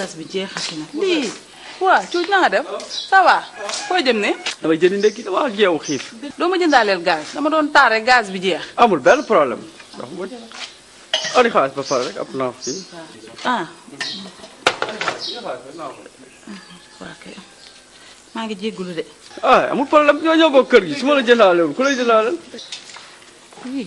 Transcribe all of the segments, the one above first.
gaz bi jeexati na. lii waaw cuuj na def ça va foo jëm ne. damay jëndi ndekki waaw jeewu xiif. doo ma jëndaaleel gaz dama doon taar rek bi jeex. amul benn problème. oli xaalis ba pare ah. maa ngi jégalu de. ah amul problème ñoo ñoo bokk kër gi su ma la jëndaalee woon ku lay jëndaaleel. oui.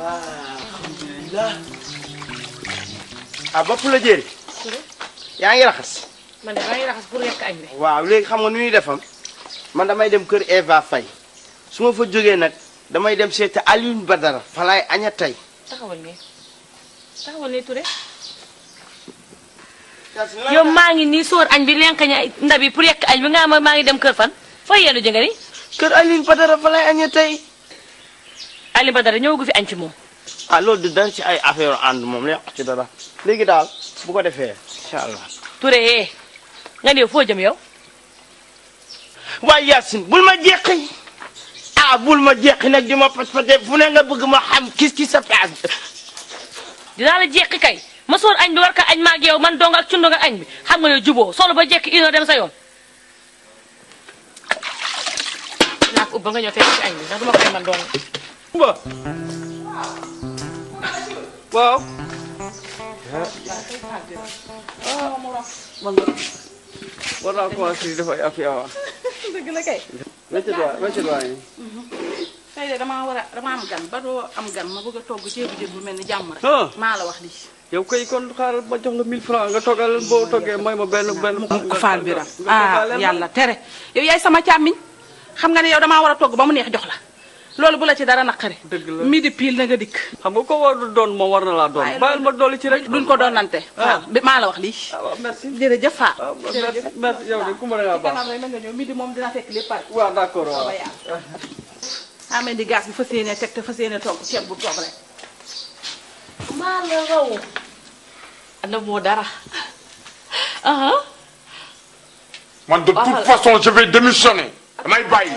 Ah, alhamdulilah. ah bopp la yaa ngi raxas. man raxas pour lekk añ waaw léegi xam nga nu ñuy defam man damay dem kër Eva Faye su ma fa jógee nag damay dem seeti Alioune Badara fa laay aña tey. yow maa ngi nii sóor añ bi lenk ña ndab yi pour yekk añ bi nga xam maa ngi dem kër fan fooy yéen a kër Alioune Badara fa laay aña tey. Alioune Badara ñëwagu fi añ ci moom. ah loolu du ci ay affaire ànd moom la ci dara léegi daal bu ko defee incha allah. Touré eh, nga ne foo jëm yow. waaye Yacine bul ma jeqi ah bul ma jeqi nag di ma paspate fu ne nga bëgg ma xam kis ki sa dinaa la jeqi kay ma soor añ bi war ka añ ma yow man dong ak cundu nga añ bi xam nga yow juboo solo ba jekki une heure dem sa yoon. naa ko ubba nga ñëw fekk ci añ bi ndax duma ko man dong. ba waaw ah. war naa commencé di def ay affaire waaw. dëgg la kay. wecc doy wecc mm-hmm. damaa war a damaa am gan ba doo am gan ma bëgg a togg ceebu jën bu mel ni jàmm rek. Ah. maa la wax lii. yow kay kon xaaral ma jox la 1000 francs nga toggal boo toggee may ma benn benn. nga faal bi ah tere. yow yaay sama càmmiñ xam nga ne yow damaa war a togg ba mu neex jox la. loolu bu la ci dara naqari. dëgg la midi na nga dikk. xam nga ko war doon moom war na laa doon. bàyyil ma dolli ci rek. duñ ko doonante. Ah. waaw maa la wax lii. Ah, waaw merci jërëjëf Fap. Ah, jërëjëf merci di gaz bi fas yéene teg te fas yéene togg ceeb bu togg rek. maa la raw. ana man de toute façon je vais damay bàyyi.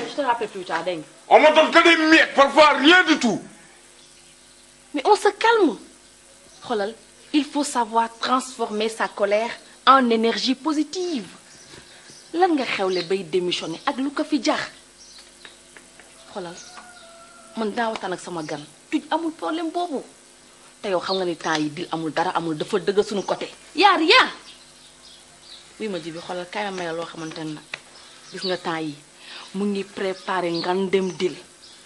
On m'entend que des miettes, parfois rien du tout. Mais on se calme. Rolal, il faut savoir transformer sa colère en énergie positive. lan nga xew le bay démissionné ak lu ko fi jar xoolal man daa waxtaan ak sama gan tuj amul problème boobu te yow xam nga ni temps yi dil amul dara amul dafa dëgg suñu côté yaar yaa wi ma ji bi xoolal kaay ma may loo xamante ne nag gis nga temps yi mu ngi préparé ngandem dil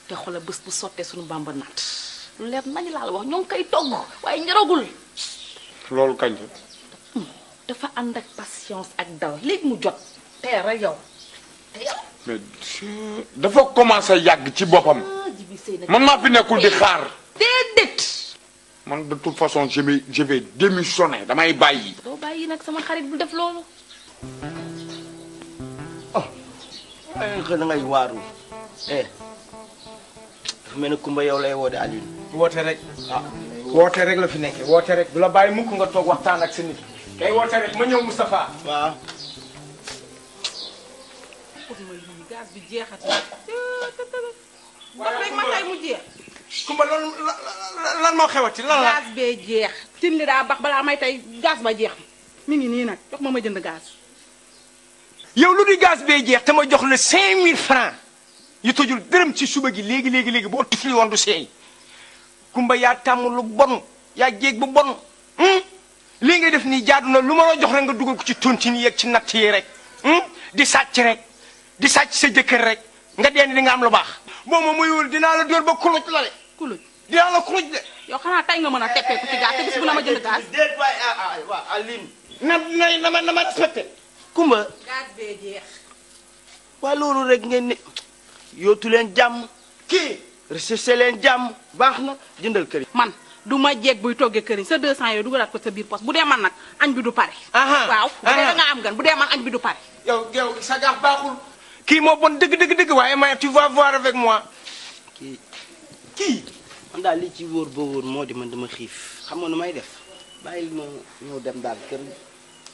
te xoolal bës bu sottee suñu bamba naat lu leer nañu laa wax ñoo ngi koy togg waaye ñoragul. loolu kañ hmm, dafa ànd ak patience ak dal léegi mu jot. teel rek yow teel. mais ci boppam. Ah, man maa fi nekkul di xaar. déedéet. man de toute façon je vais je damay bàyyi. doo bàyyi nag sama xarit bu def loolu. xëy na ngay waaru eh ni Kumba yow lay woode de Alioune. woote rek. Ah. woote rek la fi nekke woote rek. du la bàyyi mukk nga toog waxtaan ak sa nit. kay woote rek ma ñëw Moustapha. bi jeexati waaye ma tey mu Kumba lan lan moo xewati lan la. gaz bee jeex. tin li daa bax balaa may tey gaz ba jeex mu ngi nii nag jox ma ma jënd gaas yow lu di gaz bee jeex tama ma jox la 5000 francs yu tojul dërëm ci suba gi léegi léegi léegi boo tifli woon du seey kumba yaa tàmm lu bon yaa jéeg bu bon hmm? lii def nii jaadu na lu ma la jox rek nga dugal ku ci tontine yeeg ci natt yi rek hmm? di sàcc rek di sàcc sa jëkkër rek nga deen di nga lu baax boo ma muyul dinaa la dóor ba kuluj la de kuluj dinaa la kuluj de yow xanaa tey nga mën a te bis bu na ma ah, ah, na na ma na kumba gaz bee jeex waa loolu rek ngeen ni yootu leen jàmm kii recherche leen jàmm baax na jëndal kër yi man du ma buy toggee këriñ sa 200 yooyu dugalaat ko sa biir poste bu dee man nag añ bi du pare. waaw bu dee da am gan bu dee man añ bi du pare. yow yow sa gaax baaxul. kii moo bon dëgg dëgg dëgg waaye ma tu vas voir avec moi. kii kii. man daal li ci wóor boo wóor moo di man dama xiif xam nga nu may def bàyyil ma ñëw dem daal kër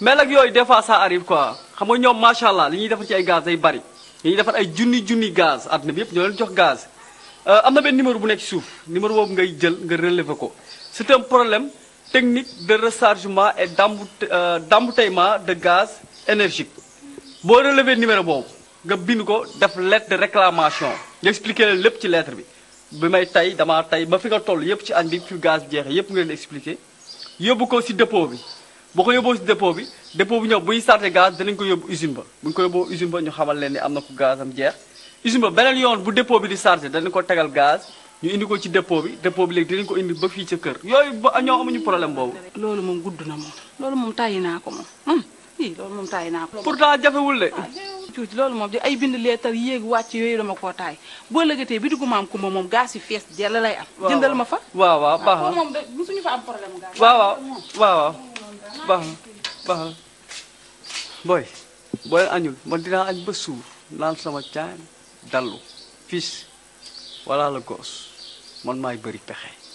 mais nag yooyu des fois ça arrive quoi xam nga ñoom macha allah li ñuy defar ci ay gaz day bari li ñuy defar ay junni junni gaz àdduna bi yëpp ñoo leen jox gaz. Euh, am na benn numéro bu nekk ci suuf numéro boobu ngay jël nga relever ko c'est un problème technique de rechargement et euh, d'embouteillement de gaz énergique boo relever numéro boobu nga bind ko def lettre de réclamation nga expliqué lépp ci lettre bi. bi may tay dama tay ba fi nga toll yëpp ci añ bi fi gaz bi jeexee yëpp nga leen expliqué yóbbu ko ci dépôt bi. boo ko yóbboo si dépôt bi dépôt bi ñëw buy sarte gaz dinañ ko yóbbu usine ba bu ñu ko yóbboo usine ba ñu xamal leen am na ku gazam jeex usine ba beneen yoon bu dépôt bi di sarte danañ ko tegal gaz ñu indi ko ci dépôt bi dépôt bi léegi dinañ ko indi ba fii ca kër yooyu ba ñoo amuñu problème boobu loolu moom gudd na moom loolu moom tàyyi naa ko moom i loolu moom tàyyi naa ko pourtant jafewul de tuuti ah, loolu moom di ay bind leetar yéeg wàcc yooyu dama koo taay boo lëgatee bi dugg maam kumba moom gaz yi fees jël lay ma fa waaw waaw baax na ah, moom de suñu fa baax na baax na booy booy añul man dinaa añ ba suur naan sama caan dallu fils walla la goos man maay bëri pexe